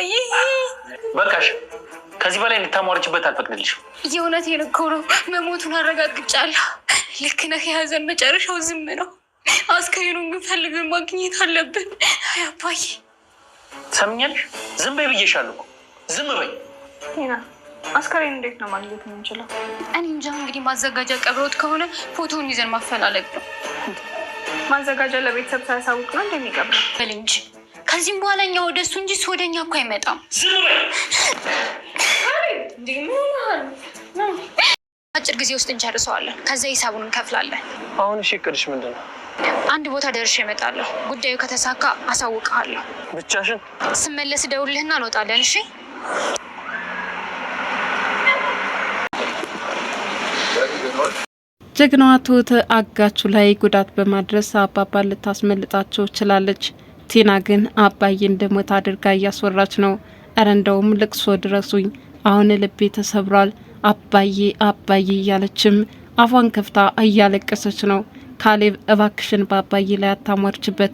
ቆይ በቃሽ። ከዚህ በላይ እንድታሟርችበት አልፈቅድልሽ። የእውነት እኮ ነው። መሞቱን አረጋግጫለሁ። ልክ ነህ። የሀዘን መጨረሻው ዝም ነው። አስከሬኑን ግን ፈልገን ማግኘት አለብን። አይ አባዬ፣ ትሰምኛለሽ? ዝም በይ ብዬሻለሁ። ዝም በይ። አስከሬን እንዴት ነው ማግኘት የምንችለው? እኔ እንጃ። እንግዲህ ማዘጋጃ ቀብረውት ከሆነ ፎቶውን ይዘን ማፈላለግ ነው። ማዘጋጃ ለቤተሰብ ሳያሳውቅ ነው እንደሚቀብረው በል እንጂ ከዚህም በኋላ እኛ ወደ እሱ እንጂ እሱ ወደ እኛ እኮ አይመጣም። አጭር ጊዜ ውስጥ እንጨርሰዋለን። ከዛ ሂሳቡን እንከፍላለን። አሁን እሺ፣ እቅድሽ ምንድን ነው? አንድ ቦታ ደርሼ እመጣለሁ። ጉዳዩ ከተሳካ አሳውቅሃለሁ። ብቻሽን? ስመለስ እደውልልህና እንወጣለን። እሺ ጀግናዋ ትሁት አጋቹ ላይ ጉዳት በማድረስ አባባል ልታስመልጣቸው ችላለች። ቲና ግን አባዬ እንደሞት አድርጋ እያስወራች ነው። እረ እንደውም ልቅሶ ድረሱኝ፣ አሁን ልቤ ተሰብሯል፣ አባዬ አባዬ እያለችም አፏን ከፍታ እያለቀሰች ነው። ካሌብ እባክሽን በአባዬ ላይ አታሟርችበት፣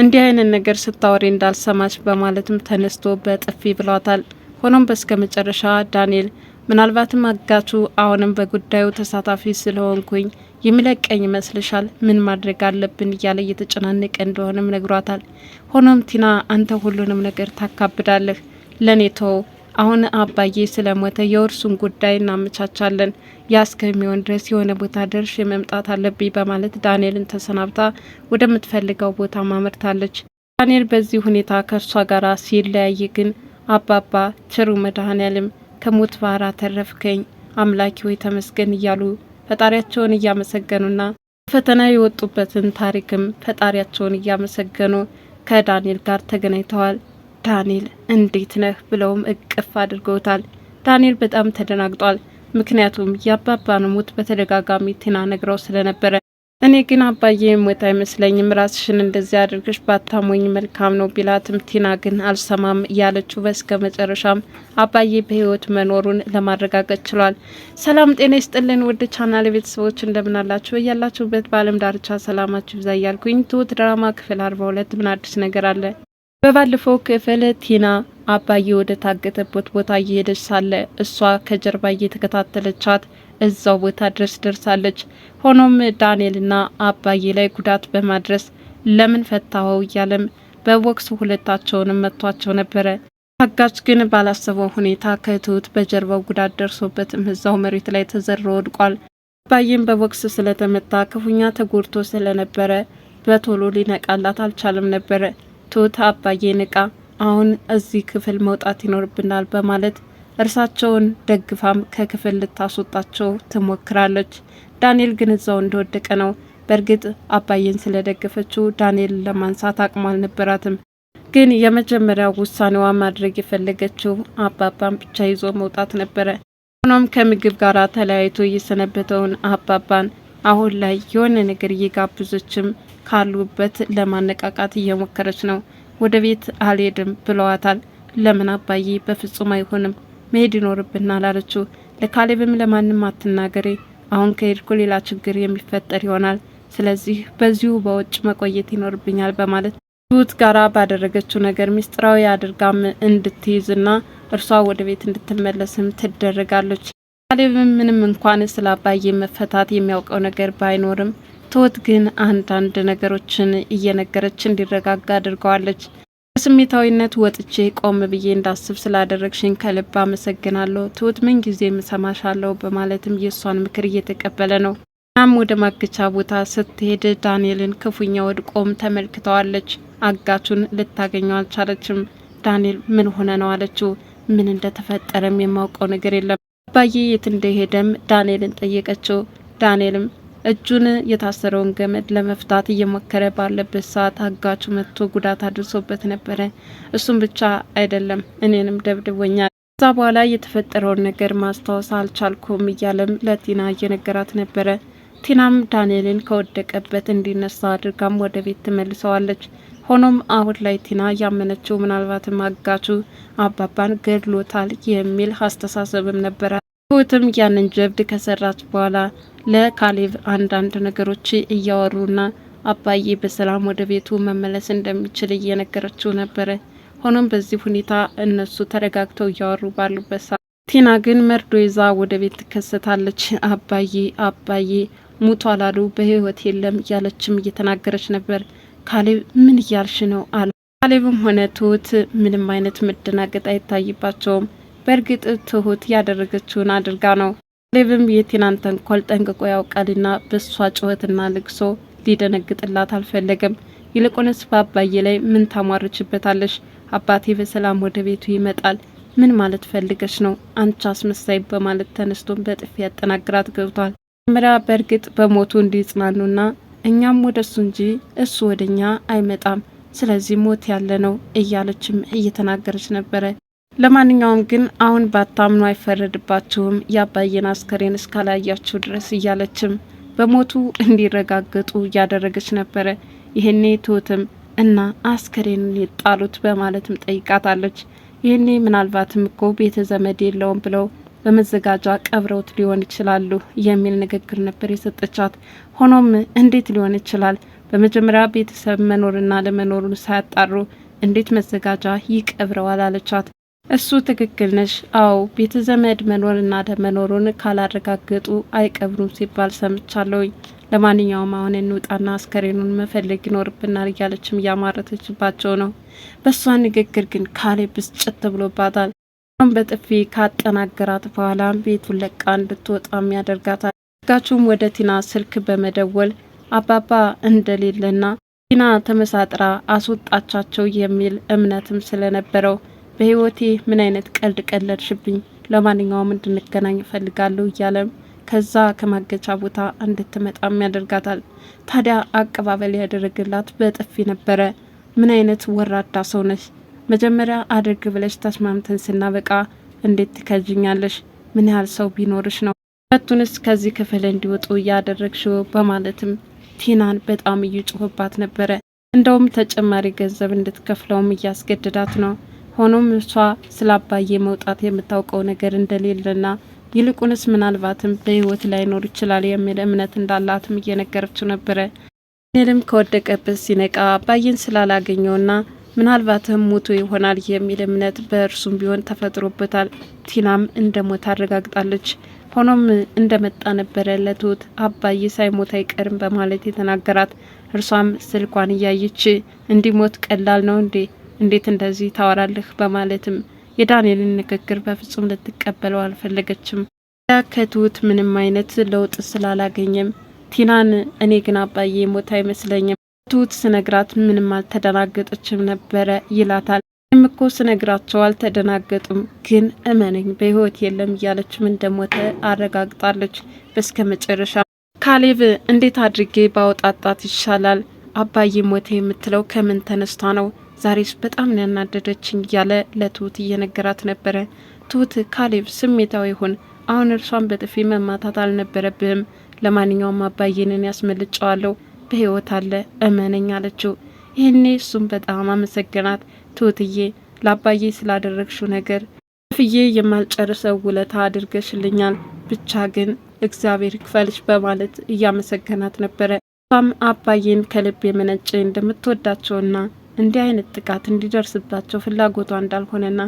እንዲህ አይነት ነገር ስታወሪ እንዳልሰማች በማለትም ተነስቶ በጥፊ ብሏታል። ሆኖም በስከ መጨረሻ ዳንኤል ምናልባትም አጋቹ አሁንም በጉዳዩ ተሳታፊ ስለሆንኩኝ የሚለቀኝ ይመስልሻል? ምን ማድረግ አለብን እያለ እየተጨናነቀ እንደሆነም ነግሯታል። ሆኖም ቲና አንተ ሁሉንም ነገር ታካብዳለህ፣ ለእኔ አሁን አባዬ ስለሞተ የእርሱን ጉዳይ እናመቻቻለን። ያ እስከሚሆን ድረስ የሆነ ቦታ ደርሼ መምጣት አለብኝ በማለት ዳንኤልን ተሰናብታ ወደምትፈልገው ቦታ ማመርታለች። ዳንኤል በዚህ ሁኔታ ከእርሷ ጋር ሲለያይ ግን አባባ ቸሩ መድኃኔዓለም ከሞት ባራ ተረፍከኝ አምላኪ ሆይ ተመስገን እያሉ ፈጣሪያቸውን እያመሰገኑና ፈተና የወጡበትን ታሪክም ፈጣሪያቸውን እያመሰገኑ ከዳንኤል ጋር ተገናኝተዋል። ዳንኤል እንዴት ነህ ብለውም እቅፍ አድርገውታል። ዳንኤል በጣም ተደናግጧል። ምክንያቱም የአባባን ሞት በተደጋጋሚ ቲና ነግረው ስለነበረ እኔ ግን አባዬ የሞት አይመስለኝም፣ ራስሽን እንደዚህ አድርገሽ ባታሞኝ መልካም ነው ቢላትም ቲና ግን አልሰማም እያለችው በስከ መጨረሻም አባዬ በህይወት መኖሩን ለማረጋገጥ ችሏል። ሰላም ጤና ይስጥልን ውድ ቻናል ቤተሰቦች እንደምናላችሁ እያላችሁበት በአለም ዳርቻ ሰላማችሁ ይብዛ እያልኩኝ ትሁት ድራማ ክፍል አርባ ሁለት ምን አዲስ ነገር አለ? በባለፈው ክፍል ቲና አባዬ ወደ ታገተበት ቦታ እየሄደች ሳለ እሷ ከጀርባ እየተከታተለቻት እዛው ቦታ ድረስ ደርሳለች። ሆኖም ዳንኤልና አባዬ ላይ ጉዳት በማድረስ ለምን ፈታኸው እያለም በቦክስ ሁለታቸውንም መቷቸው ነበረ። አጋች ግን ባላሰበው ሁኔታ ከትሁት በጀርባው ጉዳት ደርሶበትም እዛው መሬት ላይ ተዘሮ ወድቋል። አባዬም በቦክስ ስለተመታ ክፉኛ ተጎድቶ ስለነበረ በቶሎ ሊነቃላት አልቻለም ነበረ። ትሁት አባዬ ንቃ፣ አሁን እዚህ ክፍል መውጣት ይኖርብናል በማለት እርሳቸውን ደግፋም ከክፍል ልታስወጣቸው ትሞክራለች። ዳንኤል ግን እዛው እንደወደቀ ነው። በእርግጥ አባዬን ስለደገፈችው ዳንኤል ለማንሳት አቅሙ አልነበራትም። ግን የመጀመሪያ ውሳኔዋ ማድረግ የፈለገችው አባባን ብቻ ይዞ መውጣት ነበረ። ሆኖም ከምግብ ጋር ተለያይቶ እየሰነበተውን አባባን አሁን ላይ የሆነ ነገር እየጋብዘችም ካሉበት ለማነቃቃት እየሞከረች ነው። ወደ ቤት አልሄድም ብለዋታል። ለምን አባዬ፣ በፍጹም አይሆንም መሄድ ይኖርብናል አለችው። ለካሌብም ለማንም አትናገሬ፣ አሁን ከሄድኩ ሌላ ችግር የሚፈጠር ይሆናል፣ ስለዚህ በዚሁ በውጭ መቆየት ይኖርብኛል በማለት ትሁት ጋራ ባደረገችው ነገር ሚስጥራዊ አድርጋም እንድትይዝና እርሷ ወደ ቤት እንድትመለስም ትደረጋለች። ካሌብም ምንም እንኳን ስለ አባዬ መፈታት የሚያውቀው ነገር ባይኖርም ትሁት ግን አንዳንድ ነገሮችን እየነገረች እንዲረጋጋ አድርገዋለች። ስሜታዊነት ወጥቼ ቆም ብዬ እንዳስብ ስላደረግሽኝ ከልብ አመሰግናለሁ። ትሁት ምን ጊዜ ምሰማሻለሁ በማለትም የእሷን ምክር እየተቀበለ ነው። ናም ወደ ማገቻ ቦታ ስትሄድ ዳንኤልን ክፉኛ ወድቆም ተመልክተዋለች። አጋቹን ልታገኘው አልቻለችም። ዳንኤል ምን ሆነ ነው አለችው። ምን እንደተፈጠረም የማውቀው ነገር የለም አባዬ የት እንደሄደም ዳንኤልን ጠየቀችው። ዳንኤልም እጁን የታሰረውን ገመድ ለመፍታት እየሞከረ ባለበት ሰዓት አጋቹ መጥቶ ጉዳት አድርሶበት ነበረ። እሱም ብቻ አይደለም እኔንም ደብድቦኛል። ከዛ በኋላ የተፈጠረውን ነገር ማስታወስ አልቻልኩም እያለም ለቲና እየነገራት ነበረ። ቲናም ዳንኤልን ከወደቀበት እንዲነሳ አድርጋም ወደ ቤት ትመልሰዋለች። ሆኖም አሁን ላይ ቲና ያመነችው ምናልባትም አጋቹ አባባን ገድሎታል የሚል አስተሳሰብም ነበረ። ትሁትም ያንን ጀብድ ከሰራች በኋላ ለካሌብ አንዳንድ ነገሮች እያወሩና አባዬ በሰላም ወደ ቤቱ መመለስ እንደሚችል እየነገረችው ነበረ። ሆኖም በዚህ ሁኔታ እነሱ ተረጋግተው እያወሩ ባሉበት ሰ ቲና ግን መርዶ ይዛ ወደ ቤት ትከሰታለች። አባዬ አባዬ ሙቷል አሉ፣ በህይወት የለም እያለችም እየተናገረች ነበር። ካሌብ ምን እያልሽ ነው አለ። ካሌብም ሆነ ትሁት ምንም አይነት መደናገጥ አይታይባቸውም። በእርግጥ ትሁት ያደረገችውን አድርጋ ነው ሌብም የቲናን ተንኮል ጠንቅቆ ያውቃልና በሷ ጩኸትና ልቅሶ ሊደነግጥላት አልፈለገም። ይልቁንስ በአባዬ ላይ ምን ታሟርችበታለሽ? አባቴ በሰላም ወደ ቤቱ ይመጣል። ምን ማለት ፈልገሽ ነው አንቺ አስመሳይ? በማለት ተነስቶን በጥፊ ያጠናግራት ገብቷል። መጀመሪያ በእርግጥ በሞቱ እንዲጽናኑና እኛም ወደ እሱ እንጂ እሱ ወደ እኛ አይመጣም፣ ስለዚህ ሞት ያለ ነው እያለችም እየተናገረች ነበረ። ለማንኛውም ግን አሁን ባታምኑ አይፈረድባችሁም ያባየን አስከሬን እስካላያችሁ ድረስ እያለችም በሞቱ እንዲረጋገጡ እያደረገች ነበረ። ይህኔ ትሁትም እና አስከሬን የጣሉት በማለትም ጠይቃታለች። ይህኔ ምናልባትም እኮ ቤተ ዘመድ የለውም ብለው በመዘጋጃ ቀብረውት ሊሆን ይችላሉ የሚል ንግግር ነበር የሰጠቻት። ሆኖም እንዴት ሊሆን ይችላል? በመጀመሪያ ቤተሰብ መኖርና ለመኖሩን ሳያጣሩ እንዴት መዘጋጃ ይቀብረዋል? አለቻት። እሱ ትክክል ነሽ። አዎ ቤተ ዘመድ መኖርና አለመኖሩን ካላረጋገጡ አይቀብሩም ሲባል ሰምቻለሁኝ። ለማንኛውም አሁን እንውጣና አስከሬኑን መፈለግ ይኖርብናል እያለችም እያማረተችባቸው ነው። በእሷ ንግግር ግን ካሌብ ብስጭት ብሎባታል። ሁም በጥፊ ካጠናገራት በኋላ ቤቱን ለቃ እንድትወጣም ያደርጋታል። ጋችሁም ወደ ቲና ስልክ በመደወል አባባ እንደሌለና ቲና ተመሳጥራ አስወጣቻቸው የሚል እምነትም ስለነበረው በህይወቴ ምን አይነት ቀልድ ቀለድሽብኝ፣ ለማንኛውም እንድንገናኝ እፈልጋለሁ እያለም ከዛ ከማገቻ ቦታ እንድትመጣም ያደርጋታል። ታዲያ አቀባበል ያደረግላት በጥፊ ነበረ። ምን አይነት ወራዳ ሰው ነሽ? መጀመሪያ አድርግ ብለሽ ተስማምተን ስናበቃ እንዴት ትከጅኛለሽ? ምን ያህል ሰው ቢኖርሽ ነው ሁለቱንስ ከዚህ ክፍል እንዲወጡ እያደረግሽው? በማለትም ቲናን በጣም እየጮህባት ነበረ። እንደውም ተጨማሪ ገንዘብ እንድትከፍለውም እያስገድዳት ነው። ሆኖም እሷ ስለ አባዬ መውጣት የምታውቀው ነገር እንደሌለና ይልቁንስ ምናልባትም በህይወት ላይኖር ይችላል የሚል እምነት እንዳላትም እየነገረችው ነበረ። ኔልም ከወደቀበት ሲነቃ አባዬን ስላላገኘውና ምናልባትም ሞቶ ይሆናል የሚል እምነት በእርሱም ቢሆን ተፈጥሮበታል። ቲናም እንደ ሞት አረጋግጣለች። ሆኖም እንደመጣ ነበረ ለትሁት አባዬ ሳይሞት አይቀርም በማለት የተናገራት። እርሷም ስልኳን እያየች እንዲሞት ቀላል ነው እንዴ እንዴት እንደዚህ ታወራለህ? በማለትም የዳንኤልን ንግግር በፍጹም ልትቀበለው አልፈለገችም። ከትሁት ምንም አይነት ለውጥ ስላላገኘም ቲናን እኔ ግን አባዬ ሞት አይመስለኝም ትሁት ስነግራት ምንም አልተደናገጠችም ነበረ ይላታል። እኔም እኮ ስነግራቸው አልተደናገጡም፣ ግን እመነኝ በህይወት የለም እያለችም እንደሞተ አረጋግጣለች። በስከ መጨረሻ ካሌብ እንዴት አድርጌ ባወጣጣት ይሻላል አባዬ ሞተ የምትለው ከምን ተነስታ ነው? ዛሬስ በጣም ነው ያናደደችኝ እያለ ለትሁት እየነገራት ነበረ። ትሁት ካሌብ ስሜታዊ ይሁን፣ አሁን እርሷን በጥፊ መማታት አልነበረብህም። ለማንኛውም አባዬንን ያስመልጨዋለሁ፣ በህይወት አለ እመነኝ አለችው። ይህኔ እሱም በጣም አመሰገናት። ትሁትዬ ለአባዬ ስላደረግሽው ነገር ፍዬ የማልጨርሰው ውለታ አድርገሽልኛል፣ ብቻ ግን እግዚአብሔር ክፈልች በማለት እያመሰገናት ነበረ። እሷም አባዬን ከልብ የመነጨ እንደምትወዳቸውና እንዲህ አይነት ጥቃት እንዲደርስባቸው ፍላጎቷ እንዳልሆነና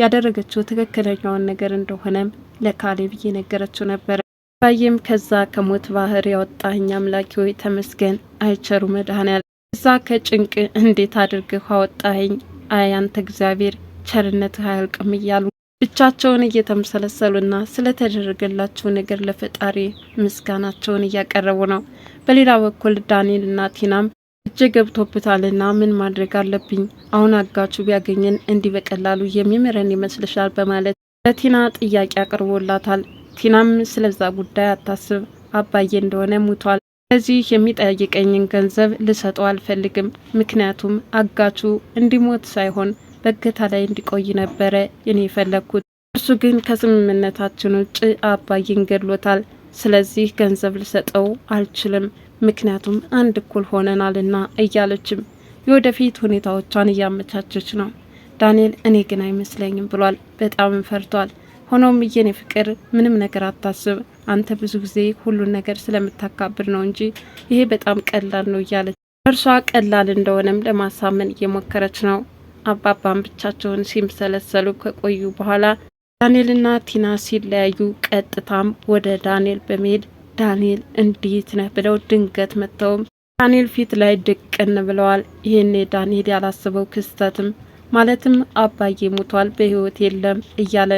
ያደረገችው ትክክለኛውን ነገር እንደሆነም ለካሌብ እየነገረችው ነበረ። አባዬም ከዛ ከሞት ባህር ያወጣኝ አምላኬ ሆይ ተመስገን፣ አይቸሩ መድኃኔዓለም እዛ ከጭንቅ እንዴት አድርገህ አወጣኸኝ፣ አይ አንተ እግዚአብሔር ቸርነትህ አያልቅም እያሉ ብቻቸውን እየተመሰለሰሉና ስለተደረገላቸው ነገር ለፈጣሪ ምስጋናቸውን እያቀረቡ ነው። በሌላ በኩል ዳንኤልና ቲናም እጅ ገብቶብታልና ምን ማድረግ አለብኝ አሁን አጋቹ ቢያገኘን እንዲህ በቀላሉ የሚምረን ይመስልሻል? በማለት ለቲና ጥያቄ አቅርቦላታል። ቲናም ስለዛ ጉዳይ አታስብ፣ አባዬ እንደሆነ ሙቷል። ስለዚህ የሚጠይቀኝን ገንዘብ ልሰጠው አልፈልግም። ምክንያቱም አጋቹ እንዲሞት ሳይሆን በእገታ ላይ እንዲቆይ ነበረ እኔ የፈለግኩት። እርሱ ግን ከስምምነታችን ውጭ አባዬን ገድሎታል። ስለዚህ ገንዘብ ልሰጠው አልችልም፣ ምክንያቱም አንድ እኩል ሆነናልና እያለችም የወደፊት ሁኔታዎቿን እያመቻቸች ነው። ዳንኤል እኔ ግን አይመስለኝም ብሏል። በጣም ፈርቷል። ሆኖም የኔ ፍቅር ምንም ነገር አታስብ፣ አንተ ብዙ ጊዜ ሁሉን ነገር ስለምታካብር ነው እንጂ ይሄ በጣም ቀላል ነው እያለች እርሷ ቀላል እንደሆነም ለማሳመን እየሞከረች ነው። አባባም ብቻቸውን ሲምሰለሰሉ ከቆዩ በኋላ ዳንኤልና ቲና ሲለያዩ ቀጥታም ወደ ዳንኤል በመሄድ ዳንኤል እንዴት ነህ ብለው ድንገት መጥተውም ዳንኤል ፊት ላይ ድቅን ብለዋል። ይህኔ ዳንኤል ያላስበው ክስተትም ማለትም አባዬ ሞቷል፣ በህይወት የለም እያለ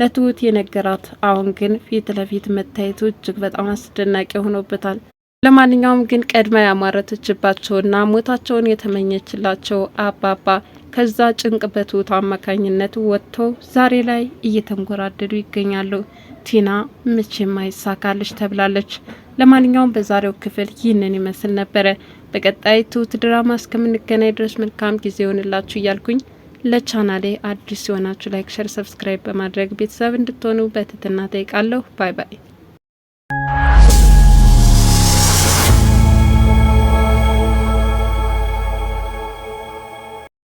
ለትሁት የነገራት አሁን ግን ፊት ለፊት መታየቱ እጅግ በጣም አስደናቂ ሆኖበታል። ለማንኛውም ግን ቀድማ ያማረተችባቸውና ሞታቸውን የተመኘችላቸው አባባ ከዛ ጭንቅ በትውት አማካኝነት ወጥቶ ዛሬ ላይ እየተንጎራደዱ ይገኛሉ። ቲና መቼም አይሳካለች ተብላለች። ለማንኛውም በዛሬው ክፍል ይህንን ይመስል ነበረ። በቀጣይ ትሁት ድራማ እስከምንገናኝ ድረስ መልካም ጊዜ ይሆንላችሁ እያልኩኝ ለቻናሌ አዲስ የሆናችሁ ላይክ፣ ሸር፣ ሰብስክራይብ በማድረግ ቤተሰብ እንድትሆኑ በትህትና ጠይቃለሁ። ባይ ባይ።